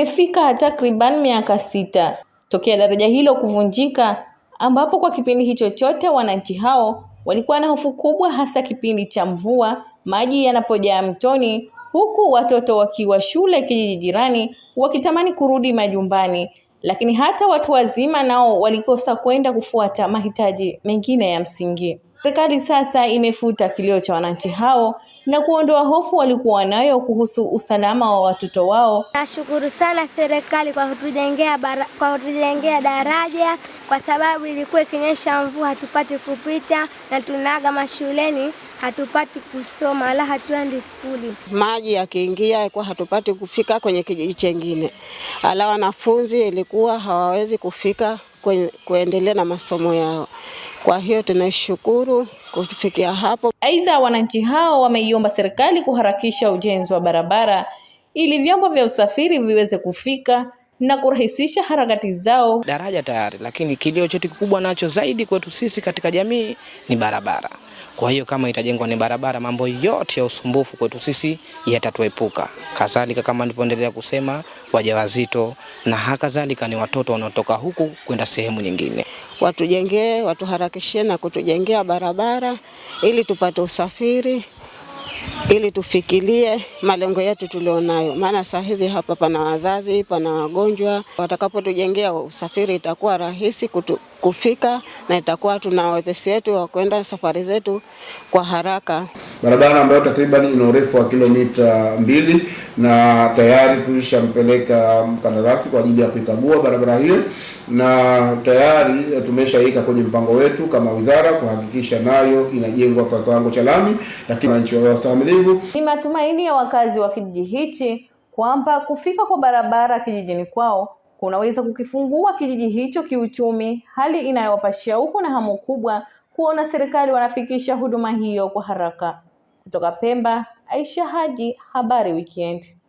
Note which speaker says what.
Speaker 1: imefika takriban miaka sita tokea daraja hilo kuvunjika, ambapo kwa kipindi hicho chote wananchi hao walikuwa na hofu kubwa, hasa kipindi cha mvua, maji yanapojaa mtoni, huku watoto wakiwa shule kijiji jirani wakitamani kurudi majumbani. Lakini hata watu wazima nao walikosa kwenda kufuata mahitaji mengine ya msingi. Serikali sasa imefuta kilio cha wananchi hao na kuondoa hofu walikuwa nayo kuhusu usalama wa watoto wao.
Speaker 2: Nashukuru sana serikali kwa kutujengea bara, kwa kutujengea daraja kwa sababu ilikuwa ikinyesha mvua hatupati kupita na tunaaga mashuleni hatupati kusoma la hatuendi skuli.
Speaker 3: Maji yakiingia ilikuwa hatupati kufika kwenye kijiji chengine, ala wanafunzi ilikuwa hawawezi kufika kwenye kuendelea na masomo yao. Kwa hiyo tunashukuru kufikia hapo.
Speaker 1: Aidha, wananchi hao wameiomba serikali kuharakisha ujenzi wa barabara ili vyombo vya usafiri viweze kufika na kurahisisha harakati zao.
Speaker 4: Daraja tayari, lakini kilio chetu kikubwa nacho zaidi kwetu sisi katika jamii ni barabara. Kwa hiyo kama itajengwa ni barabara, mambo yote ya usumbufu kwetu sisi yatatuepuka. Kadhalika kama nilipoendelea kusema wajawazito na hakadhalika ni watoto wanaotoka huku kwenda sehemu nyingine.
Speaker 3: Watujengee, watuharakishie na kutujengea barabara ili tupate usafiri ili tufikilie malengo yetu tulionayo, maana saa hizi hapa pana wazazi, pana wagonjwa. Watakapotujengea usafiri itakuwa rahisi kutu, kufika na itakuwa tuna wepesi wetu wa kwenda safari zetu kwa haraka.
Speaker 5: Barabara ambayo takriban ina urefu wa kilomita mbili na tayari tulishampeleka mkandarasi kwa ajili ya kuikagua barabara hiyo, na tayari tumeshaika kwenye mpango wetu kama wizara kuhakikisha nayo inajengwa kwa kiwango cha lami, lakini wananchi wawe wastahimilivu.
Speaker 1: Ni matumaini ya wakazi wa kijiji hichi kwamba kufika kwa barabara kijijini kwao kunaweza kukifungua kijiji hicho kiuchumi, hali inayowapa shauku na hamu kubwa kuona serikali wanafikisha huduma hiyo kwa haraka. Kutoka Pemba, Aisha Haji, Habari Weekend.